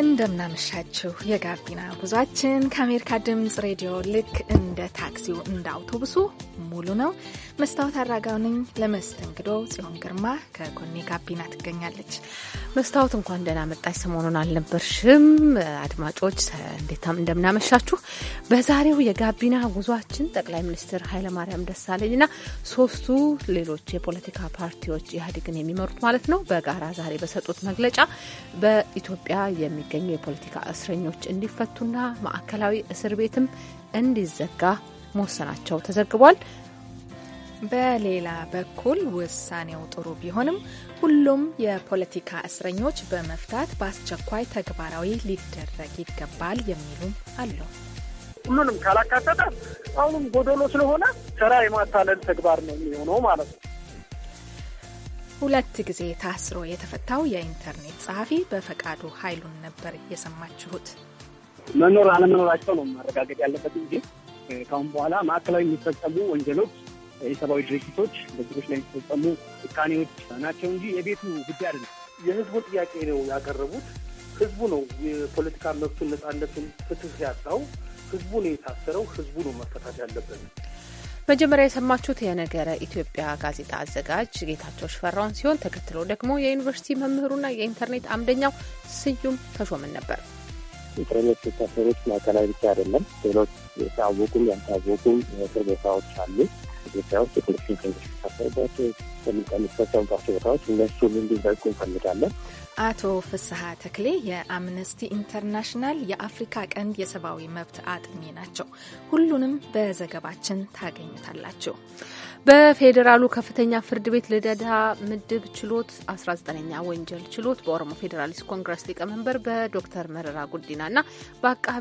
እንደምናመሻችሁ የጋቢና ጉዟችን ከአሜሪካ ድምፅ ሬዲዮ ልክ እንደ ታክሲው እንደ አውቶቡሱ ሙሉ ነው። መስታወት አራጋው ነኝ። ለመስተንግዶ ጽዮን ግርማ ከጎኔ ጋቢና ትገኛለች። መስታወት እንኳን ደህና መጣሽ። ሰሞኑን አልነበርሽም። አድማጮች እንዴት እንደምናመሻችሁ። በዛሬው የጋቢና ጉዟችን ጠቅላይ ሚኒስትር ኃይለማርያም ደሳለኝና ሶስቱ ሌሎች የፖለቲካ ፓርቲዎች ኢህአዴግን የሚመሩት ማለት ነው በጋራ ዛሬ በሰጡት መግለጫ በኢትዮጵያ የሚገኙ የፖለቲካ እስረኞች እንዲፈቱና ማዕከላዊ እስር ቤትም እንዲዘጋ መወሰናቸው ተዘግቧል። በሌላ በኩል ውሳኔው ጥሩ ቢሆንም ሁሉም የፖለቲካ እስረኞች በመፍታት በአስቸኳይ ተግባራዊ ሊደረግ ይገባል የሚሉም አሉ። ሁሉንም ካላካተተ አሁንም ጎደሎ ስለሆነ ስራ የማታለል ተግባር ነው የሚሆነው ማለት ነው። ሁለት ጊዜ ታስሮ የተፈታው የኢንተርኔት ጸሐፊ በፈቃዱ ኃይሉን ነበር የሰማችሁት። መኖር አለመኖራቸው ነው ማረጋገጥ ያለበት እንጂ ከአሁን በኋላ ማዕከላዊ የሚፈጸሙ ወንጀሎች የሰብአዊ ድርጅቶች በዜጎች ላይ የተፈጸሙ ጭካኔዎች ናቸው እንጂ የቤቱ ጉዳይ አይደለም። የህዝቡ ጥያቄ ነው ያቀረቡት። ህዝቡ ነው የፖለቲካ መብቱን ነጻነቱን፣ ፍትህ ያጣው ህዝቡ ነው የታሰረው። ህዝቡ ነው መፈታት ያለበት። መጀመሪያ የሰማችሁት የነገረ ኢትዮጵያ ጋዜጣ አዘጋጅ ጌታቸው ሽፈራውን ሲሆን ተከትሎ ደግሞ የዩኒቨርሲቲ መምህሩና የኢንተርኔት አምደኛው ስዩም ተሾምን ነበር። ኢንተርኔት የታሰሩት ማዕከላዊ ብቻ አይደለም፣ ሌሎች የታወቁም ያልታወቁም የእስር ቦታዎች አሉ። ኢትዮጵያ ውስጥ ቦታዎች እነሱን እንዲዘጉ እንፈልጋለን። አቶ ፍስሀ ተክሌ የአምነስቲ ኢንተርናሽናል የአፍሪካ ቀንድ የሰብአዊ መብት አጥኚ ናቸው። ሁሉንም በዘገባችን ታገኙታላችሁ። በፌዴራሉ ከፍተኛ ፍርድ ቤት ልደታ ምድብ ችሎት 19ኛ ወንጀል ችሎት በኦሮሞ ፌዴራሊስት ኮንግረስ ሊቀመንበር በዶክተር መረራ ጉዲና እና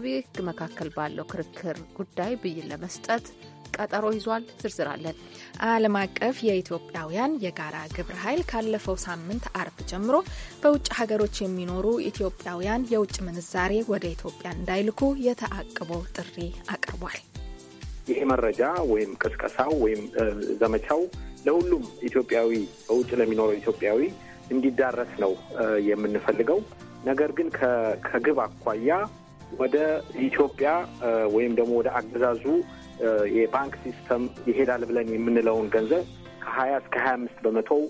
ሕግ መካከል ባለው ክርክር ጉዳይ ብይን ለመስጠት ቀጠሮ ይዟል። ዝርዝር አለን። ዓለም አቀፍ የኢትዮጵያውያን የጋራ ግብረ ኃይል ካለፈው ሳምንት አርብ ጀምሮ በውጭ ሀገሮች የሚኖሩ ኢትዮጵያውያን የውጭ ምንዛሬ ወደ ኢትዮጵያ እንዳይልኩ የተአቅቦ ጥሪ አቅርቧል። ይሄ መረጃ ወይም ቅስቀሳው ወይም ዘመቻው ለሁሉም ኢትዮጵያዊ በውጭ ለሚኖረው ኢትዮጵያዊ እንዲዳረስ ነው የምንፈልገው። ነገር ግን ከግብ አኳያ ወደ ኢትዮጵያ ወይም ደግሞ ወደ አገዛዙ የባንክ ሲስተም ይሄዳል ብለን የምንለውን ገንዘብ ከሀያ እስከ ሀያ አምስት በመቶው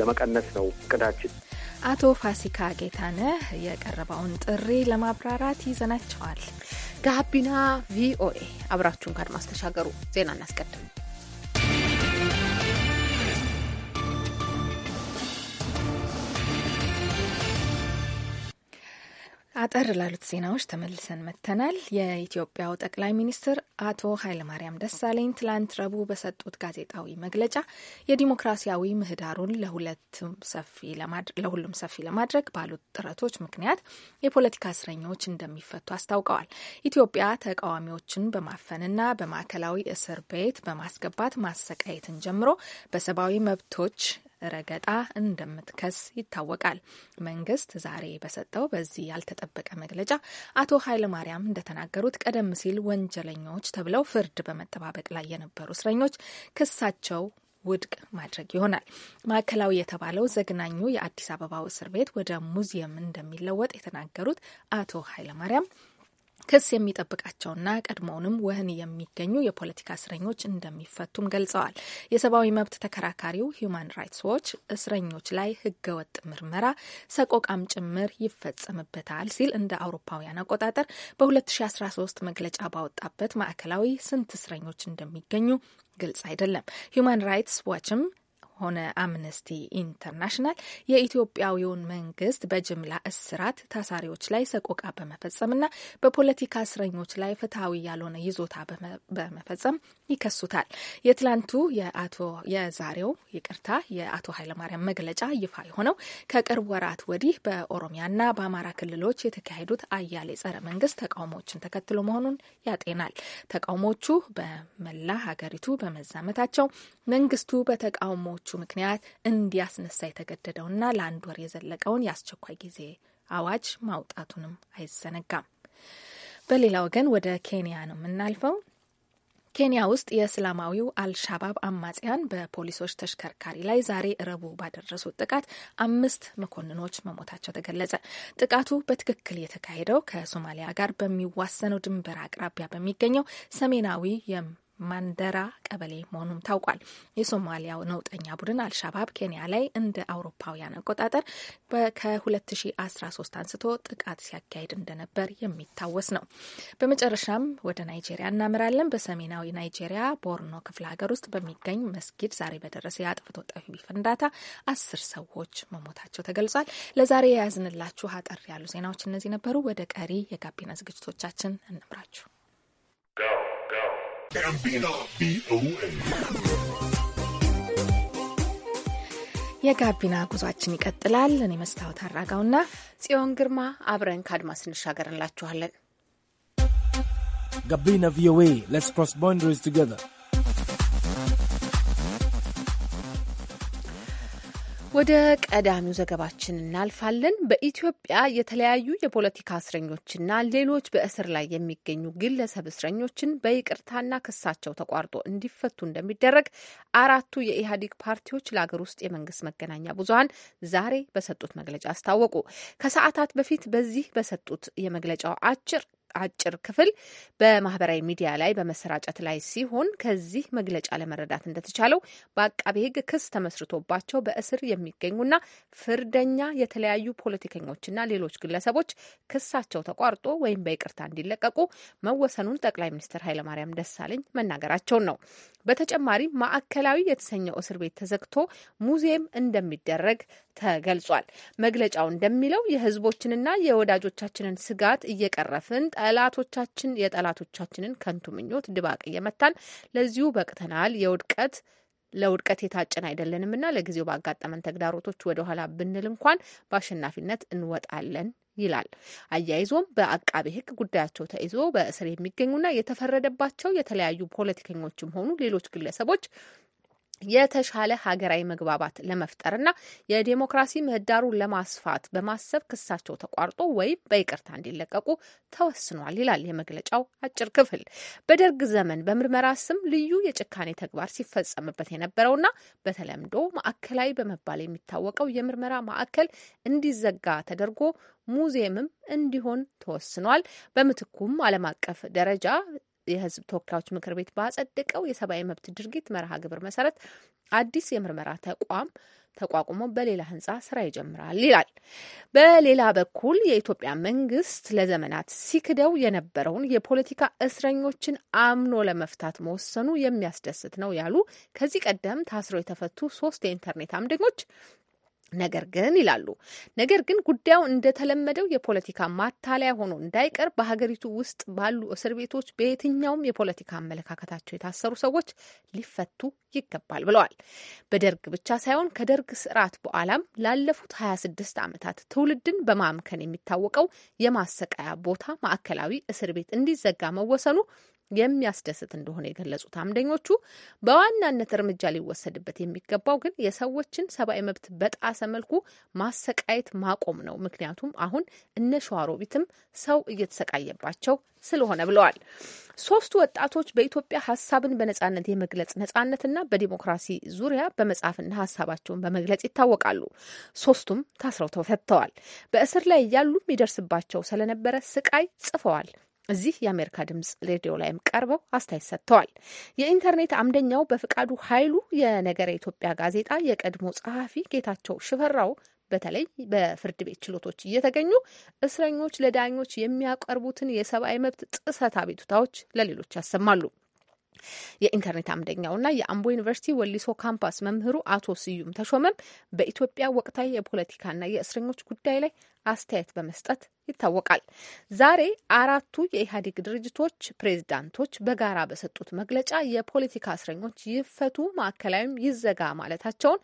ለመቀነስ ነው እቅዳችን። አቶ ፋሲካ ጌታነህ የቀረበውን ጥሪ ለማብራራት ይዘናቸዋል። ጋቢና ቪኦኤ አብራችሁን ካድማስ ተሻገሩ። ዜና እናስቀድም። አጠር ላሉት ዜናዎች ተመልሰን መጥተናል። የኢትዮጵያው ጠቅላይ ሚኒስትር አቶ ኃይለማርያም ደሳለኝ ትላንት ረቡዕ በሰጡት ጋዜጣዊ መግለጫ የዲሞክራሲያዊ ምህዳሩን ለሁሉም ሰፊ ለማድረግ ባሉት ጥረቶች ምክንያት የፖለቲካ እስረኞች እንደሚፈቱ አስታውቀዋል። ኢትዮጵያ ተቃዋሚዎችን በማፈንና በማዕከላዊ እስር ቤት በማስገባት ማሰቃየትን ጀምሮ በሰብአዊ መብቶች ረገጣ እንደምትከስ ይታወቃል። መንግስት ዛሬ በሰጠው በዚህ ያልተጠበቀ መግለጫ አቶ ኃይለማርያም እንደተናገሩት ቀደም ሲል ወንጀለኞች ተብለው ፍርድ በመጠባበቅ ላይ የነበሩ እስረኞች ክሳቸው ውድቅ ማድረግ ይሆናል። ማዕከላዊ የተባለው ዘግናኙ የአዲስ አበባው እስር ቤት ወደ ሙዚየም እንደሚለወጥ የተናገሩት አቶ ኃይለማርያም ክስ የሚጠብቃቸውና ቀድሞውንም ወህኒ የሚገኙ የፖለቲካ እስረኞች እንደሚፈቱም ገልጸዋል። የሰብአዊ መብት ተከራካሪው ሂዩማን ራይትስ ዎች እስረኞች ላይ ህገወጥ ምርመራ፣ ሰቆቃም ጭምር ይፈጸምበታል ሲል እንደ አውሮፓውያን አቆጣጠር በ2013 መግለጫ ባወጣበት ማዕከላዊ ስንት እስረኞች እንደሚገኙ ግልጽ አይደለም። ሂዩማን ራይትስ ዋችም ሆነ አምነስቲ ኢንተርናሽናል የኢትዮጵያዊውን መንግስት በጅምላ እስራት፣ ታሳሪዎች ላይ ሰቆቃ በመፈጸምና በፖለቲካ እስረኞች ላይ ፍትሐዊ ያልሆነ ይዞታ በመፈጸም ይከሱታል። የትላንቱ የአቶ የዛሬው ይቅርታ የአቶ ኃይለማርያም መግለጫ ይፋ የሆነው ከቅርብ ወራት ወዲህ በኦሮሚያና በአማራ ክልሎች የተካሄዱት አያሌ ጸረ መንግስት ተቃውሞዎችን ተከትሎ መሆኑን ያጤናል። ተቃውሞቹ በመላ ሀገሪቱ በመዛመታቸው መንግስቱ በተቃውሞቹ ምክንያት እንዲያስነሳ የተገደደውና ለአንድ ወር የዘለቀውን የአስቸኳይ ጊዜ አዋጅ ማውጣቱንም አይዘነጋም። በሌላ ወገን ወደ ኬንያ ነው የምናልፈው። ኬንያ ውስጥ የእስላማዊው አልሻባብ አማጽያን በፖሊሶች ተሽከርካሪ ላይ ዛሬ ረቡ ባደረሱት ጥቃት አምስት መኮንኖች መሞታቸው ተገለጸ። ጥቃቱ በትክክል የተካሄደው ከሶማሊያ ጋር በሚዋሰነው ድንበር አቅራቢያ በሚገኘው ሰሜናዊ ማንደራ ቀበሌ መሆኑም ታውቋል። የሶማሊያው ነውጠኛ ቡድን አልሻባብ ኬንያ ላይ እንደ አውሮፓውያን አቆጣጠር ከ2013 አንስቶ ጥቃት ሲያካሄድ እንደነበር የሚታወስ ነው። በመጨረሻም ወደ ናይጄሪያ እናምራለን። በሰሜናዊ ናይጄሪያ ቦርኖ ክፍለ ሀገር ውስጥ በሚገኝ መስጊድ ዛሬ በደረሰ የአጥፍቶ ጠፊ ፍንዳታ አስር ሰዎች መሞታቸው ተገልጿል። ለዛሬ የያዝንላችሁ አጠር ያሉ ዜናዎች እነዚህ ነበሩ። ወደ ቀሪ የጋቢና ዝግጅቶቻችን እንምራችሁ። ጋቢና ቪኦኤ የጋቢና ጉዟችን ይቀጥላል። እኔ መስታወት አራጋውና ጽዮን ግርማ አብረን ከአድማስ ስንሻገር እንላችኋለን። ጋቢና ቪኦኤ ሌትስ ክሮስ ባውንደሪስ ቱጌዘር ወደ ቀዳሚው ዘገባችን እናልፋለን። በኢትዮጵያ የተለያዩ የፖለቲካ እስረኞችና ሌሎች በእስር ላይ የሚገኙ ግለሰብ እስረኞችን በይቅርታና ክሳቸው ተቋርጦ እንዲፈቱ እንደሚደረግ አራቱ የኢህአዴግ ፓርቲዎች ለሀገር ውስጥ የመንግስት መገናኛ ብዙኃን ዛሬ በሰጡት መግለጫ አስታወቁ። ከሰዓታት በፊት በዚህ በሰጡት የመግለጫው አጭር አጭር ክፍል በማህበራዊ ሚዲያ ላይ በመሰራጨት ላይ ሲሆን ከዚህ መግለጫ ለመረዳት እንደተቻለው በአቃቤ ሕግ ክስ ተመስርቶባቸው በእስር የሚገኙና ፍርደኛ የተለያዩ ፖለቲከኞችና ሌሎች ግለሰቦች ክሳቸው ተቋርጦ ወይም በይቅርታ እንዲለቀቁ መወሰኑን ጠቅላይ ሚኒስትር ኃይለማርያም ደሳለኝ መናገራቸውን ነው። በተጨማሪም ማዕከላዊ የተሰኘው እስር ቤት ተዘግቶ ሙዚየም እንደሚደረግ ተገልጿል። መግለጫው እንደሚለው የህዝቦችንና የወዳጆቻችንን ስጋት እየቀረፍን ጠላቶቻችን የጠላቶቻችንን ከንቱ ምኞት ድባቅ እየመታን ለዚሁ በቅተናል። የውድቀት ለውድቀት የታጨን አይደለንም እና ለጊዜው ባጋጠመን ተግዳሮቶች ወደኋላ ብንል እንኳን በአሸናፊነት እንወጣለን ይላል። አያይዞም በአቃቤ ሕግ ጉዳያቸው ተይዞ በእስር የሚገኙና የተፈረደባቸው የተለያዩ ፖለቲከኞችም ሆኑ ሌሎች ግለሰቦች የተሻለ ሀገራዊ መግባባት ለመፍጠርና የዴሞክራሲ ምህዳሩን ለማስፋት በማሰብ ክሳቸው ተቋርጦ ወይም በይቅርታ እንዲለቀቁ ተወስኗል ይላል የመግለጫው አጭር ክፍል። በደርግ ዘመን በምርመራ ስም ልዩ የጭካኔ ተግባር ሲፈጸምበት የነበረውና በተለምዶ ማዕከላዊ በመባል የሚታወቀው የምርመራ ማዕከል እንዲዘጋ ተደርጎ ሙዚየምም እንዲሆን ተወስኗል። በምትኩም ዓለም አቀፍ ደረጃ የህዝብ ተወካዮች ምክር ቤት ባጸደቀው የሰብአዊ መብት ድርጊት መርሃ ግብር መሰረት አዲስ የምርመራ ተቋም ተቋቁሞ በሌላ ህንጻ ስራ ይጀምራል ይላል። በሌላ በኩል የኢትዮጵያ መንግስት ለዘመናት ሲክደው የነበረውን የፖለቲካ እስረኞችን አምኖ ለመፍታት መወሰኑ የሚያስደስት ነው ያሉ ከዚህ ቀደም ታስረው የተፈቱ ሶስት የኢንተርኔት አምደኞች ነገር ግን ይላሉ ነገር ግን ጉዳዩ እንደተለመደው የፖለቲካ ማታለያ ሆኖ እንዳይቀር በሀገሪቱ ውስጥ ባሉ እስር ቤቶች በየትኛውም የፖለቲካ አመለካከታቸው የታሰሩ ሰዎች ሊፈቱ ይገባል ብለዋል። በደርግ ብቻ ሳይሆን ከደርግ ስርዓት በኋላም ላለፉት 26 ዓመታት ትውልድን በማምከን የሚታወቀው የማሰቃያ ቦታ ማዕከላዊ እስር ቤት እንዲዘጋ መወሰኑ የሚያስደስት እንደሆነ የገለጹት አምደኞቹ በዋናነት እርምጃ ሊወሰድበት የሚገባው ግን የሰዎችን ሰብአዊ መብት በጣሰ መልኩ ማሰቃየት ማቆም ነው። ምክንያቱም አሁን እነ ሸዋሮቢትም ሰው እየተሰቃየባቸው ስለሆነ ብለዋል። ሶስቱ ወጣቶች በኢትዮጵያ ሀሳብን በነጻነት የመግለጽ ነጻነትና በዲሞክራሲ ዙሪያ በመጻፍና ሀሳባቸውን በመግለጽ ይታወቃሉ። ሶስቱም ታስረው ተፈትተዋል። በእስር ላይ እያሉም ይደርስባቸው ስለነበረ ስቃይ ጽፈዋል። እዚህ የአሜሪካ ድምጽ ሬዲዮ ላይም ቀርበው አስተያየት ሰጥተዋል። የኢንተርኔት አምደኛው በፍቃዱ ኃይሉ የነገረ ኢትዮጵያ ጋዜጣ የቀድሞ ጸሐፊ ጌታቸው ሽፈራው በተለይ በፍርድ ቤት ችሎቶች እየተገኙ እስረኞች ለዳኞች የሚያቀርቡትን የሰብአዊ መብት ጥሰት አቤቱታዎች ለሌሎች ያሰማሉ። የኢንተርኔት አምደኛውና የአምቦ ዩኒቨርሲቲ ወሊሶ ካምፓስ መምህሩ አቶ ስዩም ተሾመም በኢትዮጵያ ወቅታዊ የፖለቲካና የእስረኞች ጉዳይ ላይ አስተያየት በመስጠት ይታወቃል። ዛሬ አራቱ የኢህአዴግ ድርጅቶች ፕሬዝዳንቶች በጋራ በሰጡት መግለጫ የፖለቲካ እስረኞች ይፈቱ፣ ማዕከላዊም ይዘጋ ማለታቸውን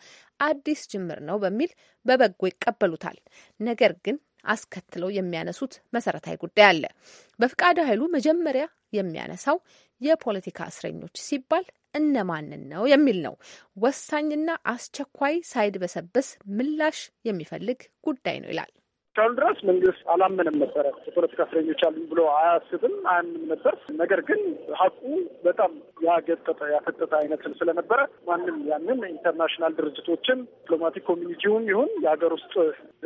አዲስ ጅምር ነው በሚል በበጎ ይቀበሉታል። ነገር ግን አስከትለው የሚያነሱት መሰረታዊ ጉዳይ አለ። በፍቃደ ኃይሉ መጀመሪያ የሚያነሳው የፖለቲካ እስረኞች ሲባል እነማንን ነው የሚል ነው። ወሳኝና አስቸኳይ ሳይድበሰበስ ምላሽ የሚፈልግ ጉዳይ ነው ይላል። እስካሁን ድረስ መንግስት አላመንም ነበረ። የፖለቲካ እስረኞች አሉ ብሎ አያስብም አያምንም ነበር። ነገር ግን ሀቁ በጣም ያገጠጠ ያፈጠጠ አይነትን ስለነበረ ማንም ያንን ኢንተርናሽናል ድርጅቶችም ዲፕሎማቲክ ኮሚኒቲውም ይሁን የሀገር ውስጥ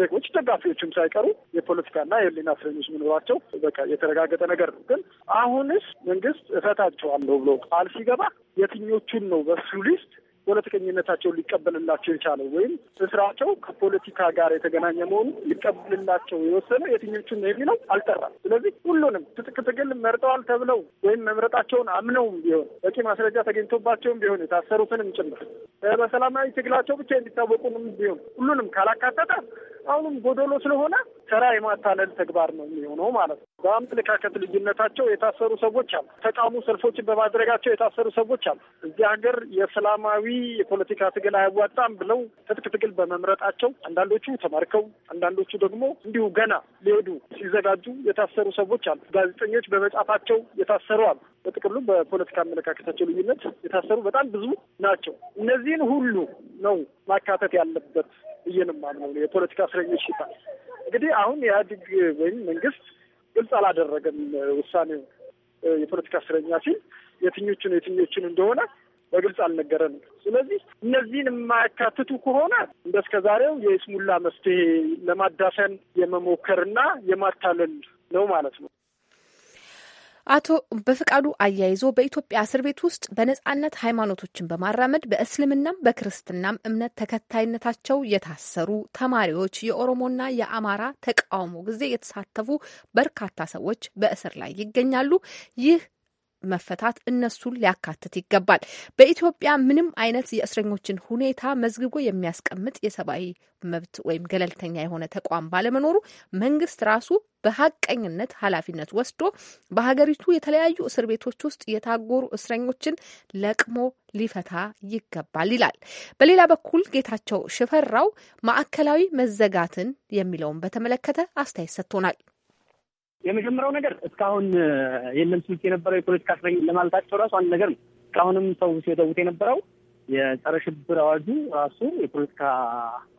ዜጎች ደጋፊዎችም ሳይቀሩ የፖለቲካና የህሊና እስረኞች መኖራቸው በቃ የተረጋገጠ ነገር ነው። ግን አሁንስ መንግስት እፈታቸዋለሁ ብሎ ቃል ሲገባ የትኞቹን ነው በሱ ሊስት ፖለቲከኝነታቸውን ሊቀበልላቸው የቻለው ወይም ስራቸው ከፖለቲካ ጋር የተገናኘ መሆኑ ሊቀበልላቸው የወሰነ የትኞቹን ነው የሚለው አልጠራም። ስለዚህ ሁሉንም ትጥቅ ትግል መርጠዋል ተብለው ወይም መምረጣቸውን አምነውም ቢሆን በቂ ማስረጃ ተገኝቶባቸውም ቢሆን የታሰሩትንም ጭምር በሰላማዊ ትግላቸው ብቻ የሚታወቁንም ቢሆን ሁሉንም ካላካተተ አሁንም ጎዶሎ ስለሆነ ተራ የማታለል ተግባር ነው የሚሆነው ማለት ነው። በአመለካከት ልዩነታቸው የታሰሩ ሰዎች አሉ። ተቃውሞ ሰልፎችን በማድረጋቸው የታሰሩ ሰዎች አሉ። እዚህ ሀገር የሰላማዊ የፖለቲካ ትግል አያዋጣም ብለው ትጥቅ ትግል በመምረጣቸው አንዳንዶቹ ተማርከው፣ አንዳንዶቹ ደግሞ እንዲሁ ገና ሊሄዱ ሲዘጋጁ የታሰሩ ሰዎች አሉ። ጋዜጠኞች በመጻፋቸው የታሰሩ አሉ። በጥቅሉ በፖለቲካ አመለካከታቸው ልዩነት የታሰሩ በጣም ብዙ ናቸው። እነዚህን ሁሉ ነው ማካተት ያለበት ብዬ ነው የማምነው። የፖለቲካ እስረኞች ሲባል እንግዲህ አሁን የአድግ ወይም መንግስት ግልጽ አላደረገም ውሳኔው የፖለቲካ እስረኛ ሲል የትኞቹን የትኞቹን እንደሆነ በግልጽ አልነገረንም። ስለዚህ እነዚህን የማያካትቱ ከሆነ እንደ እስከ ዛሬው የይስሙላ መፍትሄ ለማዳፈን የመሞከርና የማታለል ነው ማለት ነው። አቶ በፍቃዱ አያይዞ በኢትዮጵያ እስር ቤት ውስጥ በነጻነት ሃይማኖቶችን በማራመድ በእስልምናም በክርስትናም እምነት ተከታይነታቸው የታሰሩ ተማሪዎች፣ የኦሮሞና የአማራ ተቃውሞ ጊዜ የተሳተፉ በርካታ ሰዎች በእስር ላይ ይገኛሉ። ይህ መፈታት እነሱን ሊያካትት ይገባል። በኢትዮጵያ ምንም አይነት የእስረኞችን ሁኔታ መዝግቦ የሚያስቀምጥ የሰብአዊ መብት ወይም ገለልተኛ የሆነ ተቋም ባለመኖሩ መንግስት ራሱ በሀቀኝነት ኃላፊነት ወስዶ በሀገሪቱ የተለያዩ እስር ቤቶች ውስጥ የታጎሩ እስረኞችን ለቅሞ ሊፈታ ይገባል ይላል። በሌላ በኩል ጌታቸው ሽፈራው ማዕከላዊ መዘጋትን የሚለውን በተመለከተ አስተያየት ሰጥቶናል። የመጀመሪያው ነገር እስካሁን የለም ስሉት የነበረው የፖለቲካ እስረኛ ለማለታቸው ራሱ አንድ ነገር ነው። እስካሁንም ሰው ሲወተውት የነበረው የጸረ ሽብር አዋጁ ራሱ የፖለቲካ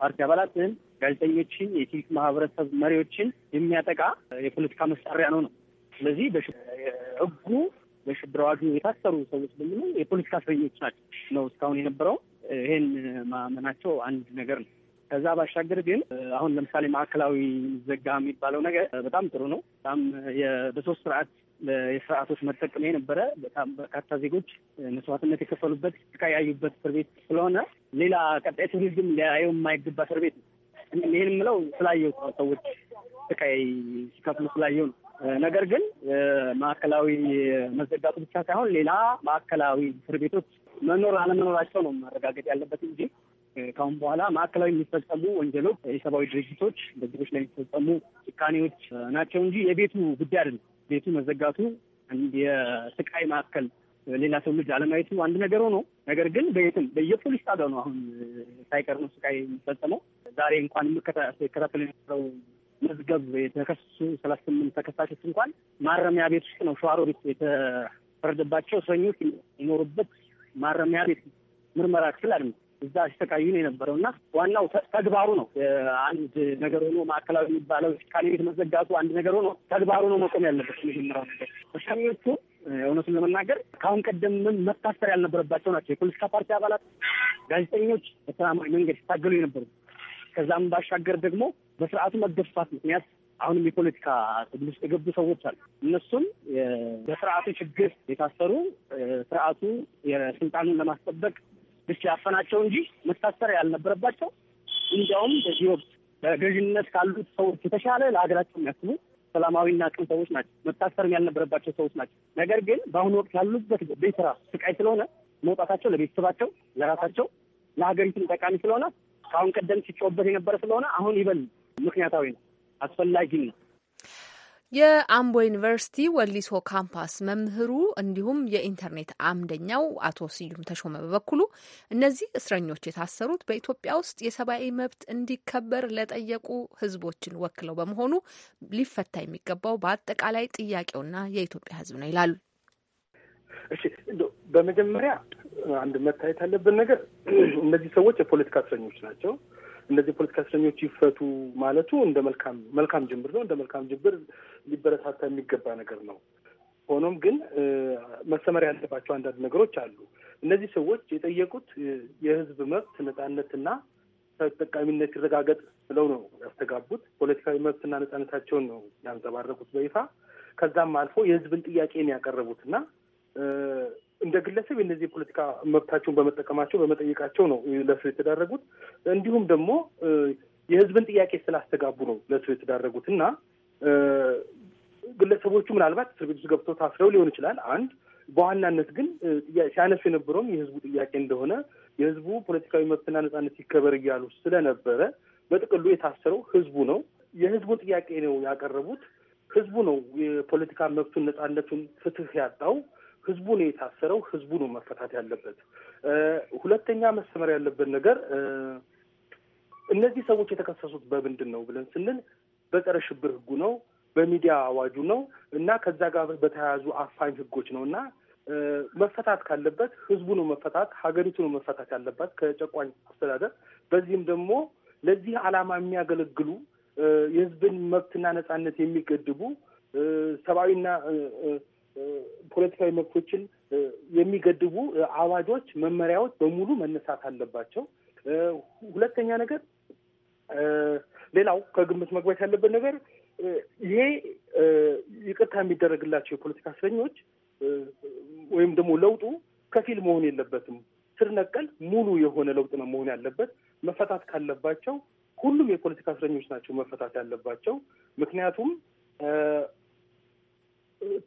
ፓርቲ አባላትን፣ ጋዜጠኞችን፣ የሲቪክ ማህበረሰብ መሪዎችን የሚያጠቃ የፖለቲካ መሳሪያ ነው ነው። ስለዚህ ህጉ በሽብር አዋጁ የታሰሩ ሰዎች በሙሉ የፖለቲካ እስረኞች ናቸው ነው እስካሁን የነበረው። ይሄን ማመናቸው አንድ ነገር ነው። ከዛ ባሻገር ግን አሁን ለምሳሌ ማዕከላዊ ዘጋ የሚባለው ነገር በጣም ጥሩ ነው። በጣም በሶስት ስርዓት የስርዓቶች መጠቀሚያ የነበረ በጣም በርካታ ዜጎች መስዋዕትነት የከፈሉበት ተቀያዩበት እስር ቤት ስለሆነ ሌላ ቀጣይ ትውልድም ሊያየው የማይገባ እስር ቤት ነው። ይህን የምለው ስላየው ሰዎች ስቃይ ሲከፍሉ ስላየው ነው። ነገር ግን ማዕከላዊ መዘጋቱ ብቻ ሳይሆን ሌላ ማዕከላዊ እስር ቤቶች መኖር አለመኖራቸው ነው ማረጋገጥ ያለበት እንጂ ካሁን በኋላ ማዕከላዊ የሚፈጸሙ ወንጀሎች የሰብአዊ ድርጅቶች በዜጎች ላይ የሚፈጸሙ ጭካኔዎች ናቸው እንጂ የቤቱ ጉዳይ አይደለም። ቤቱ መዘጋቱ የስቃይ ማዕከል ሌላ ሰው ልጅ አለማየቱ አንድ ነገር ሆኖ፣ ነገር ግን በየትም በየፖሊስ ጣቢያው ነው አሁን ሳይቀር ነው ስቃይ የሚፈጸመው። ዛሬ እንኳን የምከታተል የነበረው መዝገብ የተከሱ ሰላሳ ስምንት ተከሳሾች እንኳን ማረሚያ ቤት ውስጥ ነው ሸዋሮ ቤት የተፈረደባቸው እስረኞች የሚኖሩበት ማረሚያ ቤት ምርመራ ክፍል አይደለም። እዛ ሲሰቃዩ ነው የነበረው እና ዋናው ተግባሩ ነው አንድ ነገር ሆኖ ማዕከላዊ የሚባለው ሽካሌ ቤት መዘጋቱ አንድ ነገር ሆኖ ተግባሩ ነው መቆም ያለበት። መጀመሪያው ነገር ተሻሚዎቹ እውነቱን ለመናገር ከአሁን ቀደም መታሰር ያልነበረባቸው ናቸው። የፖለቲካ ፓርቲ አባላት፣ ጋዜጠኞች በሰላማዊ መንገድ ሲታገሉ የነበሩ ከዛም ባሻገር ደግሞ በስርዓቱ መገፋት ምክንያት አሁንም የፖለቲካ ትግል ውስጥ የገቡ ሰዎች አሉ። እነሱም በስርዓቱ ችግር የታሰሩ ስርዓቱ ስልጣኑን ለማስጠበቅ ብቻ ያፈናቸው እንጂ መታሰር ያልነበረባቸው እንዲያውም በዚህ ወቅት በገዥነት ካሉት ሰዎች የተሻለ ለሀገራቸው የሚያስቡ ሰላማዊና ቅን ሰዎች ናቸው። መታሰርም ያልነበረባቸው ሰዎች ናቸው። ነገር ግን በአሁኑ ወቅት ያሉበት ቤት ስቃይ ስለሆነ መውጣታቸው ለቤተሰባቸው፣ ለራሳቸው፣ ለሀገሪቱም ጠቃሚ ስለሆነ ከአሁን ቀደም ሲጮበት የነበረ ስለሆነ አሁን ይበል ምክንያታዊ ነው፣ አስፈላጊ ነው። የአምቦ ዩኒቨርሲቲ ወሊሶ ካምፓስ መምህሩ እንዲሁም የኢንተርኔት አምደኛው አቶ ስዩም ተሾመ በበኩሉ እነዚህ እስረኞች የታሰሩት በኢትዮጵያ ውስጥ የሰብአዊ መብት እንዲከበር ለጠየቁ ሕዝቦችን ወክለው በመሆኑ ሊፈታ የሚገባው በአጠቃላይ ጥያቄውና የኢትዮጵያ ሕዝብ ነው ይላሉ። እሺ በመጀመሪያ አንድ መታየት ያለብን ነገር እነዚህ ሰዎች የፖለቲካ እስረኞች ናቸው። እነዚህ የፖለቲካ እስረኞች ይፈቱ ማለቱ እንደ መልካም መልካም ጅምር ነው። እንደ መልካም ጅምር ሊበረታታ የሚገባ ነገር ነው። ሆኖም ግን መሰመር ያለባቸው አንዳንድ ነገሮች አሉ። እነዚህ ሰዎች የጠየቁት የህዝብ መብት ነጻነትና ተጠቃሚነት ይረጋገጥ ብለው ነው ያስተጋቡት። ፖለቲካዊ መብትና ነጻነታቸውን ነው ያንጸባረቁት በይፋ ከዛም አልፎ የህዝብን ጥያቄ ነው ያቀረቡት እና እንደ ግለሰብ የነዚህ የፖለቲካ መብታቸውን በመጠቀማቸው በመጠየቃቸው ነው ለእስር የተዳረጉት። እንዲሁም ደግሞ የህዝብን ጥያቄ ስላስተጋቡ ነው ለእስር የተዳረጉት እና ግለሰቦቹ ምናልባት እስር ቤት ውስጥ ገብተው ታስረው ሊሆን ይችላል። አንድ በዋናነት ግን ሲያነሱ የነበረውም የህዝቡ ጥያቄ እንደሆነ የህዝቡ ፖለቲካዊ መብትና ነጻነት ይከበር እያሉ ስለነበረ በጥቅሉ የታሰረው ህዝቡ ነው። የህዝቡን ጥያቄ ነው ያቀረቡት። ህዝቡ ነው የፖለቲካ መብቱን ነጻነቱን ፍትህ ያጣው። ህዝቡ ነው የታሰረው። ህዝቡ ነው መፈታት ያለበት። ሁለተኛ መሰመር ያለበት ነገር እነዚህ ሰዎች የተከሰሱት በምንድን ነው ብለን ስንል በጸረ ሽብር ህጉ ነው፣ በሚዲያ አዋጁ ነው እና ከዛ ጋር በተያያዙ አፋኝ ህጎች ነው እና መፈታት ካለበት ህዝቡ ነው መፈታት፣ ሀገሪቱ ነው መፈታት ያለባት ከጨቋኝ አስተዳደር። በዚህም ደግሞ ለዚህ ዓላማ የሚያገለግሉ የህዝብን መብትና ነጻነት የሚገድቡ ሰብአዊና ፖለቲካዊ መብቶችን የሚገድቡ አዋጆች፣ መመሪያዎች በሙሉ መነሳት አለባቸው። ሁለተኛ ነገር ሌላው ከግምት መግባት ያለበት ነገር ይሄ ይቅርታ የሚደረግላቸው የፖለቲካ እስረኞች ወይም ደግሞ ለውጡ ከፊል መሆን የለበትም። ስር ነቀል ሙሉ የሆነ ለውጥ ነው መሆን ያለበት። መፈታት ካለባቸው ሁሉም የፖለቲካ እስረኞች ናቸው መፈታት ያለባቸው። ምክንያቱም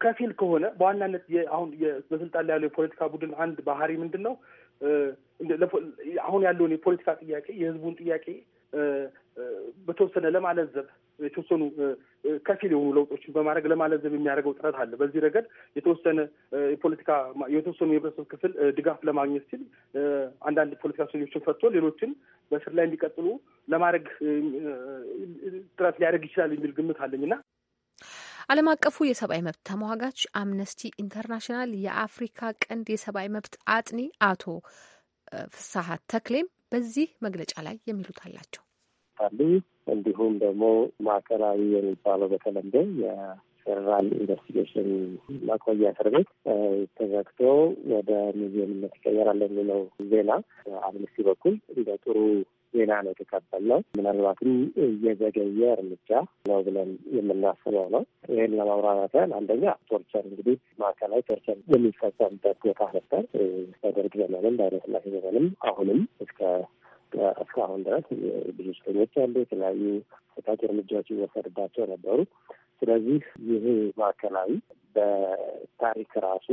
ከፊል ከሆነ በዋናነት አሁን በስልጣን ላይ ያለው የፖለቲካ ቡድን አንድ ባህሪ ምንድን ነው? አሁን ያለውን የፖለቲካ ጥያቄ የህዝቡን ጥያቄ በተወሰነ ለማለዘብ የተወሰኑ ከፊል የሆኑ ለውጦችን በማድረግ ለማለዘብ የሚያደርገው ጥረት አለ። በዚህ ረገድ የተወሰነ የፖለቲካ የተወሰኑ የህብረተሰብ ክፍል ድጋፍ ለማግኘት ሲል አንዳንድ ፖለቲካ እስረኞችን ፈቶ ሌሎችን በስር ላይ እንዲቀጥሉ ለማድረግ ጥረት ሊያደርግ ይችላል የሚል ግምት አለኝ እና ዓለም አቀፉ የሰብአዊ መብት ተሟጋች አምነስቲ ኢንተርናሽናል የአፍሪካ ቀንድ የሰብአዊ መብት አጥኒ አቶ ፍስሀ ተክሌም በዚህ መግለጫ ላይ የሚሉት አላቸው። እንዲሁም ደግሞ ማዕከላዊ የሚባለው በተለምዶ ፌደራል ኢንቨስቲጌሽን ማቆያ እስር ቤት ተዘግቶ ወደ ሙዚየምነት ይቀየራል የሚለው ዜና አምነስቲ በኩል እንደ ጥሩ ዜና ነው የተቀበልነው። ምናልባትም እየዘገየ እርምጃ ነው ብለን የምናስበው ነው። ይህን ለማብራራት አንደኛ ቶርቸር እንግዲህ ማዕከላዊ ቶርቸር የሚፈጸምበት ቦታ ነበር። በደርግ ዘመንም ኃይለሥላሴ ዘመንም አሁንም እስከ እስካሁን ድረስ ብዙ እስረኞች አሉ። የተለያዩ አስፈላጊ እርምጃዎች ይወሰድባቸው ነበሩ። ስለዚህ ይሄ ማዕከላዊ በታሪክ ራሱ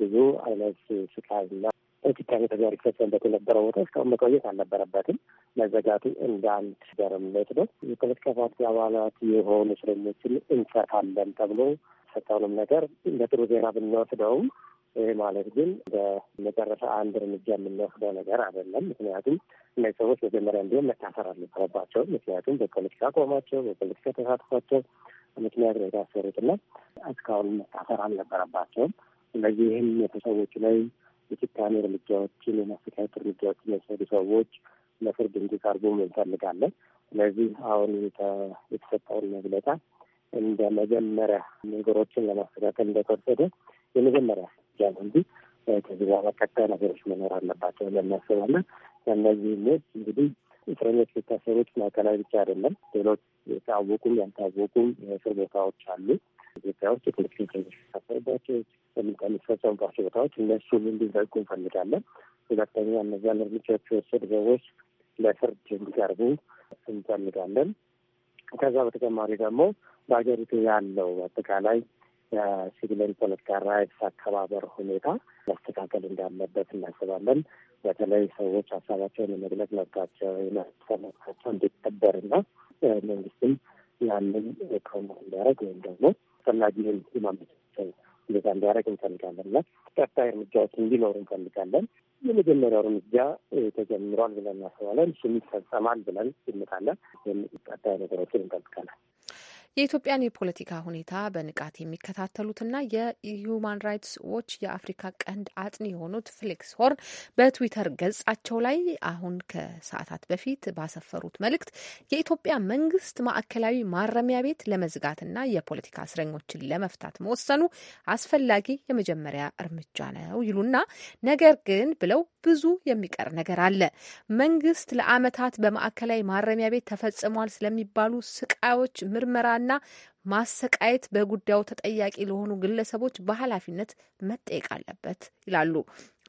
ብዙ አይነት ስቃይና ፖለቲካ ተጋር ይፈጸምበት የነበረው ቦታ እስካሁን መቆየት አልነበረበትም። መዘጋቱ እንደ አንድ ገርም ወስዶ የፖለቲካ ፓርቲ አባላት የሆኑ እስረኞችን እንፈታለን ተብሎ ሰጠውንም ነገር እንደ ጥሩ ዜና ብንወስደውም ይህ ማለት ግን በመጨረሻ አንድ እርምጃ የምንወስደው ነገር አይደለም። ምክንያቱም እነዚህ ሰዎች መጀመሪያ እንዲሆን መታሰር አልነበረባቸው። ምክንያቱም በፖለቲካ አቋማቸው፣ በፖለቲካ ተሳትፏቸው ምክንያት ነው የታሰሩትና እስካሁን መታሰር አልነበረባቸውም። ስለዚህ ይህም የተሰዎች ላይ የጭካኔ እርምጃዎችን የማስተካከት እርምጃዎችን የወሰዱ ሰዎች ለፍርድ እንዲቀርቡ እንፈልጋለን። ስለዚህ አሁን የተሰጠውን መግለጫ እንደ መጀመሪያ ነገሮችን ለማስተካከል እንደተወሰደ የመጀመሪያ እርምጃ ነው እንጂ ከዚህ ጋር ቀጣይ ነገሮች መኖር አለባቸው ለሚያስባለን ከእነዚህ ውስጥ እንግዲህ እስረኞች የሚታሰሩት ማዕከላዊ ብቻ አይደለም። ሌሎች የታወቁም ያልታወቁም የእስር ቦታዎች አሉ። ኢትዮጵያ ውስጥ የፖለቲካ ኢንትረስ ሲሳሰርባቸው ምቃ የሚፈጸሙባቸው ቦታዎች እነሱን እንዲዘጉ እንፈልጋለን። ሁለተኛ እነዚያን እርምጃዎች የወሰዱ ሰዎች ለፍርድ እንዲቀርቡ እንፈልጋለን። ከዛ በተጨማሪ ደግሞ በሀገሪቱ ያለው አጠቃላይ የሲቪልን ፖለቲካ ራይትስ አከባበር ሁኔታ መስተካከል እንዳለበት እናስባለን። በተለይ ሰዎች ሀሳባቸውን የመግለጽ መብታቸው የመሰ መብታቸው እንዲከበርና መንግስትም ያንን ፕሮሞት እንዲያደርግ ወይም ደግሞ አስፈላጊ ይህን የማመቻቸት ሁኔታ እንዲያደረግ እንፈልጋለን እና ቀጣይ እርምጃዎች እንዲኖሩ እንፈልጋለን። የመጀመሪያው እርምጃ ተጀምሯል ብለን እናስባለን። እሱም ይፈጸማል ብለን ግምታለን። ቀጣይ ነገሮችን እንጠብቃለን። የኢትዮጵያን የፖለቲካ ሁኔታ በንቃት የሚከታተሉትና የሁማን ራይትስ ዎች የአፍሪካ ቀንድ አጥኒ የሆኑት ፍሊክስ ሆርን በትዊተር ገጻቸው ላይ አሁን ከሰዓታት በፊት ባሰፈሩት መልእክት የኢትዮጵያ መንግስት ማዕከላዊ ማረሚያ ቤት ለመዝጋትና የፖለቲካ እስረኞችን ለመፍታት መወሰኑ አስፈላጊ የመጀመሪያ እርምጃ ነው ይሉና ነገር ግን ብለው ብዙ የሚቀር ነገር አለ። መንግስት ለዓመታት በማዕከላዊ ማረሚያ ቤት ተፈጽሟል ስለሚባሉ ስቃዮች ምርመራ ወከባና ማሰቃየት በጉዳዩ ተጠያቂ ለሆኑ ግለሰቦች በኃላፊነት መጠየቅ አለበት ይላሉ።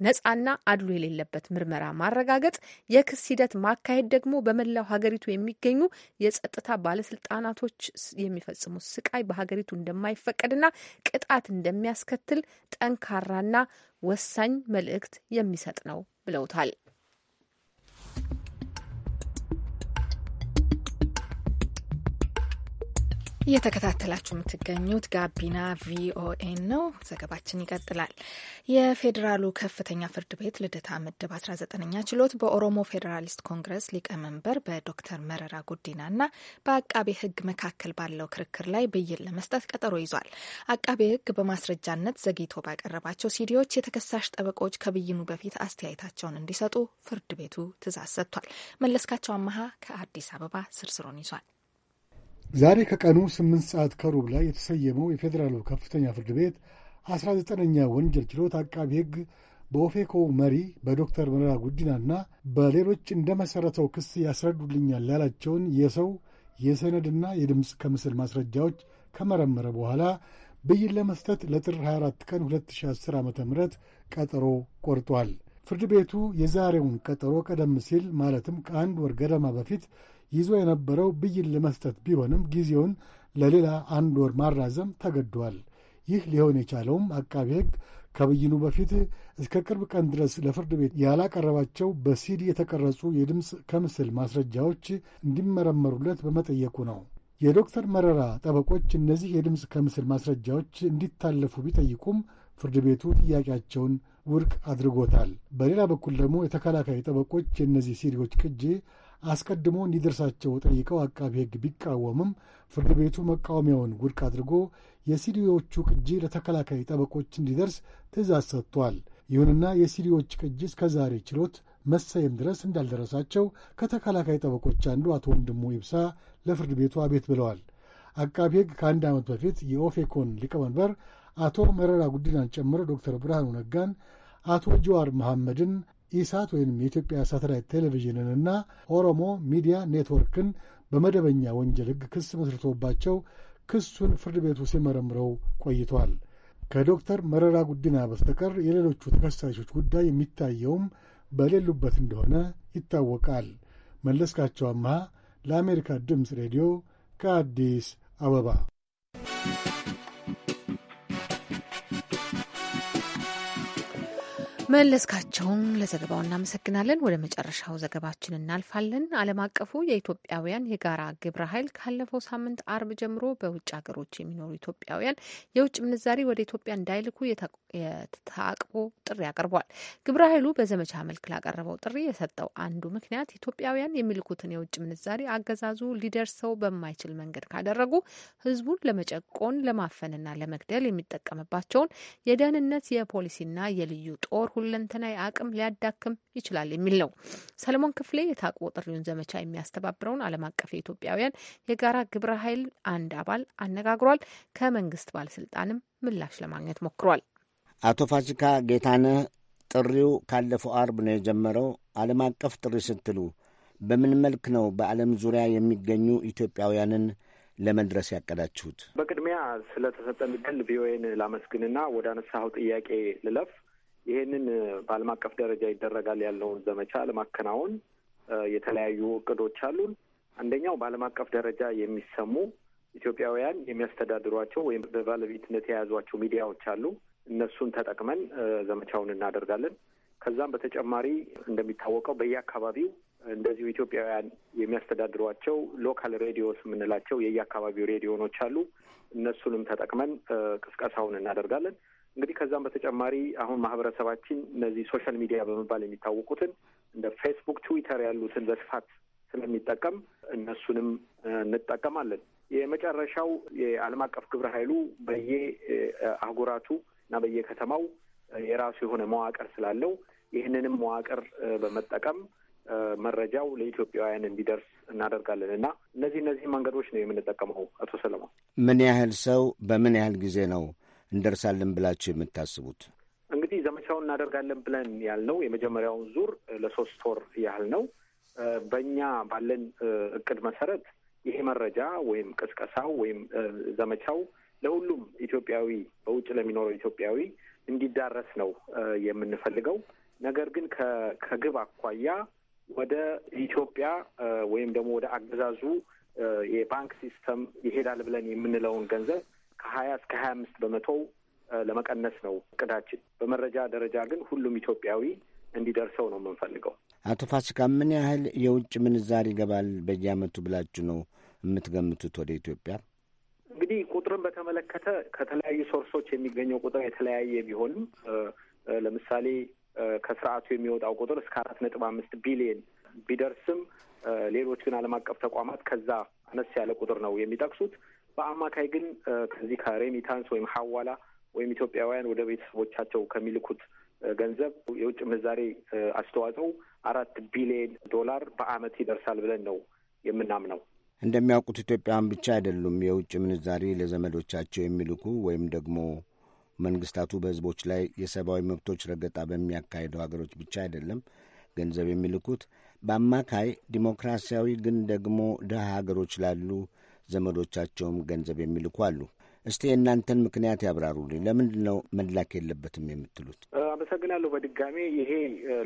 ነጻና አድሎ የሌለበት ምርመራ ማረጋገጥ፣ የክስ ሂደት ማካሄድ ደግሞ በመላው ሀገሪቱ የሚገኙ የጸጥታ ባለስልጣናቶች የሚፈጽሙት ስቃይ በሀገሪቱ እንደማይፈቀድና ቅጣት እንደሚያስከትል ጠንካራና ወሳኝ መልእክት የሚሰጥ ነው ብለውታል። እየተከታተላችሁ የምትገኙት ጋቢና ቪኦኤ ነው። ዘገባችን ይቀጥላል። የፌዴራሉ ከፍተኛ ፍርድ ቤት ልደታ ምድብ 19ኛ ችሎት በኦሮሞ ፌዴራሊስት ኮንግረስ ሊቀመንበር በዶክተር መረራ ጉዲናና በአቃቤ ሕግ መካከል ባለው ክርክር ላይ ብይን ለመስጠት ቀጠሮ ይዟል። አቃቤ ሕግ በማስረጃነት ዘግይቶ ባቀረባቸው ሲዲዎች የተከሳሽ ጠበቆች ከብይኑ በፊት አስተያየታቸውን እንዲሰጡ ፍርድ ቤቱ ትዕዛዝ ሰጥቷል። መለስካቸው አመሀ ከአዲስ አበባ ዝርዝሩን ይዟል። ዛሬ ከቀኑ ስምንት ሰዓት ከሩብ ላይ የተሰየመው የፌዴራሉ ከፍተኛ ፍርድ ቤት አስራ ዘጠነኛ ወንጀል ችሎት አቃቢ ሕግ በኦፌኮ መሪ በዶክተር መረራ ጉዲናና በሌሎች እንደ መሠረተው ክስ ያስረዱልኛል ያላቸውን የሰው የሰነድና የድምፅ ከምስል ማስረጃዎች ከመረመረ በኋላ ብይን ለመስጠት ለጥር 24 ቀን 2010 ዓ ም ቀጠሮ ቆርጧል። ፍርድ ቤቱ የዛሬውን ቀጠሮ ቀደም ሲል ማለትም ከአንድ ወር ገደማ በፊት ይዞ የነበረው ብይን ለመስጠት ቢሆንም ጊዜውን ለሌላ አንድ ወር ማራዘም ተገዷል። ይህ ሊሆን የቻለውም አቃቤ ሕግ ከብይኑ በፊት እስከ ቅርብ ቀን ድረስ ለፍርድ ቤት ያላቀረባቸው በሲዲ የተቀረጹ የድምፅ ከምስል ማስረጃዎች እንዲመረመሩለት በመጠየቁ ነው። የዶክተር መረራ ጠበቆች እነዚህ የድምፅ ከምስል ማስረጃዎች እንዲታለፉ ቢጠይቁም ፍርድ ቤቱ ጥያቄያቸውን ውድቅ አድርጎታል። በሌላ በኩል ደግሞ የተከላካይ ጠበቆች የእነዚህ ሲዲዎች ቅጂ አስቀድሞ እንዲደርሳቸው ጠይቀው አቃቢ ሕግ ቢቃወምም ፍርድ ቤቱ መቃወሚያውን ውድቅ አድርጎ የሲዲዎቹ ቅጂ ለተከላካይ ጠበቆች እንዲደርስ ትእዛዝ ሰጥቷል። ይሁንና የሲዲዎች ቅጂ እስከ ዛሬ ችሎት መሰየም ድረስ እንዳልደረሳቸው ከተከላካይ ጠበቆች አንዱ አቶ ወንድሙ ይብሳ ለፍርድ ቤቱ አቤት ብለዋል። አቃቢ ሕግ ከአንድ ዓመት በፊት የኦፌኮን ሊቀመንበር አቶ መረራ ጉዲናን ጨምሮ ዶክተር ብርሃኑ ነጋን፣ አቶ ጀዋር መሐመድን፣ ኢሳት ወይም የኢትዮጵያ ሳተላይት ቴሌቪዥንንና ኦሮሞ ሚዲያ ኔትወርክን በመደበኛ ወንጀል ሕግ ክስ መስርቶባቸው ክሱን ፍርድ ቤቱ ሲመረምረው ቆይቷል። ከዶክተር መረራ ጉዲና በስተቀር የሌሎቹ ተከሳሾች ጉዳይ የሚታየውም በሌሉበት እንደሆነ ይታወቃል። መለስካቸው አምሃ ለአሜሪካ ድምፅ ሬዲዮ ከአዲስ አበባ መለስካቸውን ለዘገባው እናመሰግናለን። ወደ መጨረሻው ዘገባችን እናልፋለን። ዓለም አቀፉ የኢትዮጵያውያን የጋራ ግብረ ኃይል ካለፈው ሳምንት አርብ ጀምሮ በውጭ ሀገሮች የሚኖሩ ኢትዮጵያውያን የውጭ ምንዛሪ ወደ ኢትዮጵያ እንዳይልኩ የታቅቦ ጥሪ አቅርቧል። ግብረ ኃይሉ በዘመቻ መልክ ላቀረበው ጥሪ የሰጠው አንዱ ምክንያት ኢትዮጵያውያን የሚልኩትን የውጭ ምንዛሪ አገዛዙ ሊደርሰው በማይችል መንገድ ካደረጉ ህዝቡን ለመጨቆን ለማፈንና ለመግደል የሚጠቀምባቸውን የደህንነት የፖሊሲና የልዩ ጦር ሁለንተናዊ አቅም ሊያዳክም ይችላል የሚል ነው። ሰለሞን ክፍሌ የታቅቦ ጥሪውን ዘመቻ የሚያስተባብረውን ዓለም አቀፍ የኢትዮጵያውያን የጋራ ግብረ ኃይል አንድ አባል አነጋግሯል። ከመንግስት ባለስልጣንም ምላሽ ለማግኘት ሞክሯል። አቶ ፋሲካ ጌታነህ ጥሪው ካለፈው አርብ ነው የጀመረው። ዓለም አቀፍ ጥሪ ስትሉ በምን መልክ ነው በዓለም ዙሪያ የሚገኙ ኢትዮጵያውያንን ለመድረስ ያቀዳችሁት? በቅድሚያ ስለተሰጠን ዕድል ቪኦኤን ላመስግንና ወደ አነሳኸው ጥያቄ ልለፍ። ይህንን በዓለም አቀፍ ደረጃ ይደረጋል ያለውን ዘመቻ ለማከናወን የተለያዩ እቅዶች አሉን። አንደኛው በዓለም አቀፍ ደረጃ የሚሰሙ ኢትዮጵያውያን የሚያስተዳድሯቸው ወይም በባለቤትነት የያዟቸው ሚዲያዎች አሉ። እነሱን ተጠቅመን ዘመቻውን እናደርጋለን። ከዛም በተጨማሪ እንደሚታወቀው በየአካባቢው እንደዚሁ ኢትዮጵያውያን የሚያስተዳድሯቸው ሎካል ሬዲዮስ የምንላቸው የየአካባቢው ሬዲዮኖች አሉ። እነሱንም ተጠቅመን ቅስቀሳውን እናደርጋለን። እንግዲህ ከዛም በተጨማሪ አሁን ማህበረሰባችን እነዚህ ሶሻል ሚዲያ በመባል የሚታወቁትን እንደ ፌስቡክ፣ ትዊተር ያሉትን በስፋት ስለሚጠቀም እነሱንም እንጠቀማለን። የመጨረሻው የዓለም አቀፍ ግብረ ኃይሉ በየ አህጉራቱ እና በየከተማው የራሱ የሆነ መዋቅር ስላለው ይህንንም መዋቅር በመጠቀም መረጃው ለኢትዮጵያውያን እንዲደርስ እናደርጋለን እና እነዚህ እነዚህ መንገዶች ነው የምንጠቀመው። አቶ ሰለሞን፣ ምን ያህል ሰው በምን ያህል ጊዜ ነው እንደርሳለን ብላችሁ የምታስቡት? እንግዲህ ዘመቻውን እናደርጋለን ብለን ያልነው የመጀመሪያውን ዙር ለሶስት ወር ያህል ነው። በእኛ ባለን እቅድ መሰረት ይሄ መረጃ ወይም ቅስቀሳው ወይም ዘመቻው ለሁሉም ኢትዮጵያዊ በውጭ ለሚኖረው ኢትዮጵያዊ እንዲዳረስ ነው የምንፈልገው። ነገር ግን ከግብ አኳያ ወደ ኢትዮጵያ ወይም ደግሞ ወደ አገዛዙ የባንክ ሲስተም ይሄዳል ብለን የምንለውን ገንዘብ ከሀያ እስከ ሀያ አምስት በመቶው ለመቀነስ ነው እቅዳችን። በመረጃ ደረጃ ግን ሁሉም ኢትዮጵያዊ እንዲደርሰው ነው የምንፈልገው። አቶ ፋሲካ ምን ያህል የውጭ ምንዛሪ ይገባል በየአመቱ ብላችሁ ነው የምትገምቱት ወደ ኢትዮጵያ? እንግዲህ ቁጥርን በተመለከተ ከተለያዩ ሶርሶች የሚገኘው ቁጥር የተለያየ ቢሆንም ለምሳሌ ከስርዓቱ የሚወጣው ቁጥር እስከ አራት ነጥብ አምስት ቢሊየን ቢደርስም ሌሎች ግን ዓለም አቀፍ ተቋማት ከዛ አነስ ያለ ቁጥር ነው የሚጠቅሱት። በአማካይ ግን ከዚህ ከሬሚታንስ ወይም ሀዋላ ወይም ኢትዮጵያውያን ወደ ቤተሰቦቻቸው ከሚልኩት ገንዘብ የውጭ ምንዛሬ አስተዋጽኦ አራት ቢሊየን ዶላር በአመት ይደርሳል ብለን ነው የምናምነው። እንደሚያውቁት ኢትዮጵያውያን ብቻ አይደሉም የውጭ ምንዛሬ ለዘመዶቻቸው የሚልኩ ወይም ደግሞ መንግስታቱ በህዝቦች ላይ የሰብአዊ መብቶች ረገጣ በሚያካሂደው ሀገሮች ብቻ አይደለም ገንዘብ የሚልኩት በአማካይ ዲሞክራሲያዊ ግን ደግሞ ድሃ ሀገሮች ላሉ ዘመዶቻቸውም ገንዘብ የሚልኩ አሉ። እስቲ የእናንተን ምክንያት ያብራሩልኝ። ለምንድን ነው መላክ የለበትም የምትሉት? አመሰግናለሁ። በድጋሜ ይሄ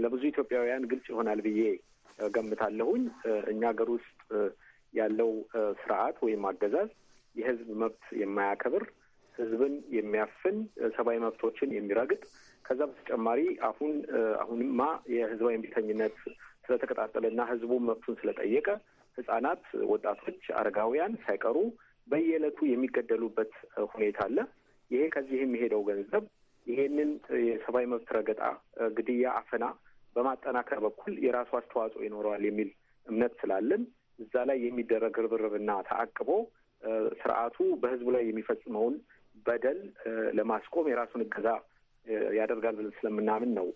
ለብዙ ኢትዮጵያውያን ግልጽ ይሆናል ብዬ ገምታለሁኝ። እኛ ሀገር ውስጥ ያለው ስርዓት ወይም አገዛዝ የህዝብ መብት የማያከብር ህዝብን የሚያፍን ሰብአዊ መብቶችን የሚረግጥ ከዛ በተጨማሪ አሁን አሁንማ የህዝባዊ እምቢተኝነት ና ህዝቡን መብቱን ስለጠየቀ ህጻናት፣ ወጣቶች፣ አረጋውያን ሳይቀሩ በየዕለቱ የሚገደሉበት ሁኔታ አለ። ይሄ ከዚህ የሚሄደው ገንዘብ ይሄንን የሰብአዊ መብት ረገጣ፣ ግድያ፣ አፈና በማጠናከር በኩል የራሱ አስተዋጽኦ ይኖረዋል የሚል እምነት ስላለን እዛ ላይ የሚደረግ ርብርብና ተአቅቦ ስርዓቱ በህዝቡ ላይ የሚፈጽመውን በደል ለማስቆም የራሱን እገዛ ያደርጋል ብለን ስለምናምን ነው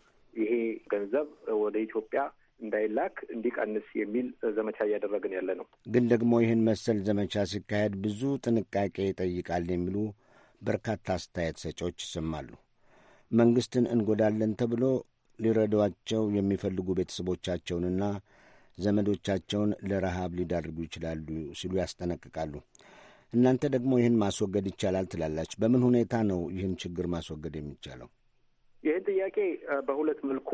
ይሄ ገንዘብ ወደ ኢትዮጵያ እንዳይላክ እንዲቀንስ የሚል ዘመቻ እያደረግን ያለ ነው። ግን ደግሞ ይህን መሰል ዘመቻ ሲካሄድ ብዙ ጥንቃቄ ይጠይቃል የሚሉ በርካታ አስተያየት ሰጪዎች ይሰማሉ። መንግስትን እንጎዳለን ተብሎ ሊረዷቸው የሚፈልጉ ቤተሰቦቻቸውንና ዘመዶቻቸውን ለረሃብ ሊዳርጉ ይችላሉ ሲሉ ያስጠነቅቃሉ። እናንተ ደግሞ ይህን ማስወገድ ይቻላል ትላላችሁ። በምን ሁኔታ ነው ይህን ችግር ማስወገድ የሚቻለው? ይህን ጥያቄ በሁለት መልኩ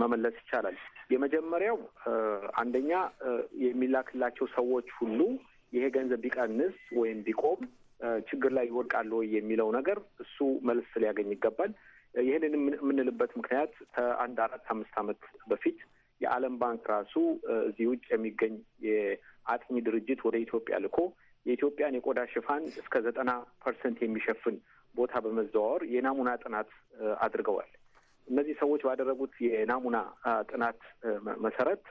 መመለስ ይቻላል። የመጀመሪያው አንደኛ የሚላክላቸው ሰዎች ሁሉ ይሄ ገንዘብ ቢቀንስ ወይም ቢቆም ችግር ላይ ይወድቃሉ ወይ የሚለው ነገር እሱ መልስ ሊያገኝ ይገባል። ይህንን የምንልበት ምክንያት ከአንድ አራት አምስት ዓመት በፊት የዓለም ባንክ ራሱ እዚህ ውጭ የሚገኝ የአጥኚ ድርጅት ወደ ኢትዮጵያ ልኮ የኢትዮጵያን የቆዳ ሽፋን እስከ ዘጠና ፐርሰንት የሚሸፍን ቦታ በመዘዋወር የናሙና ጥናት አድርገዋል። እነዚህ ሰዎች ባደረጉት የናሙና ጥናት መሰረት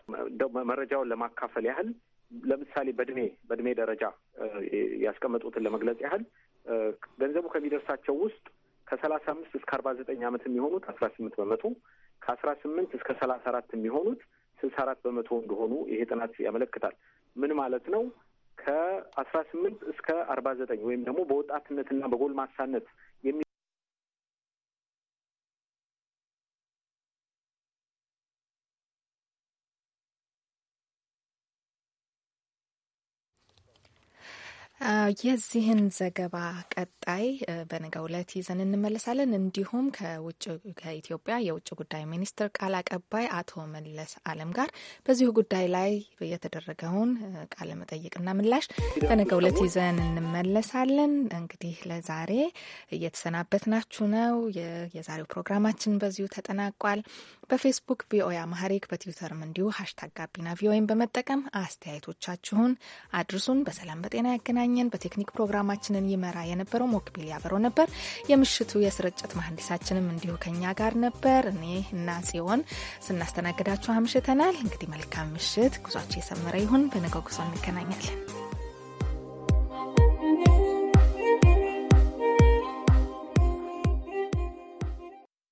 መረጃውን ለማካፈል ያህል ለምሳሌ በእድሜ በእድሜ ደረጃ ያስቀመጡትን ለመግለጽ ያህል ገንዘቡ ከሚደርሳቸው ውስጥ ከሰላሳ አምስት እስከ አርባ ዘጠኝ ዓመት የሚሆኑት አስራ ስምንት በመቶ ከአስራ ስምንት እስከ ሰላሳ አራት የሚሆኑት ስልሳ አራት በመቶ እንደሆኑ ይሄ ጥናት ያመለክታል። ምን ማለት ነው? ከአስራ ስምንት እስከ አርባ ዘጠኝ ወይም ደግሞ በወጣትነትና በጎልማሳነት የዚህን ዘገባ ቀጣይ በነገው ዕለት ይዘን እንመለሳለን። እንዲሁም ከውጭ ከኢትዮጵያ የውጭ ጉዳይ ሚኒስትር ቃል አቀባይ አቶ መለስ አለም ጋር በዚሁ ጉዳይ ላይ የተደረገውን ቃለ መጠይቅና ምላሽ በነገው ዕለት ይዘን እንመለሳለን። እንግዲህ ለዛሬ እየተሰናበት ናችሁ ነው። የዛሬው ፕሮግራማችን በዚሁ ተጠናቋል። በፌስቡክ ቪኦኤ አማሪክ በትዊተርም እንዲሁ ሀሽታግ ጋቢና ቪኦኤን በመጠቀም አስተያየቶቻችሁን አድርሱን። በሰላም በጤና ያገናኝ ያገናኘን በቴክኒክ ፕሮግራማችንን ይመራ የነበረው ሞክቢል ያበሮ ነበር። የምሽቱ የስርጭት መሀንዲሳችንም እንዲሁ ከኛ ጋር ነበር። እኔ እና ጽዮን ስናስተናግዳችሁ አምሽተናል። እንግዲህ መልካም ምሽት። ጉዟችሁ የሰመረ ይሁን። በነገው ጉዞ እንገናኛለን።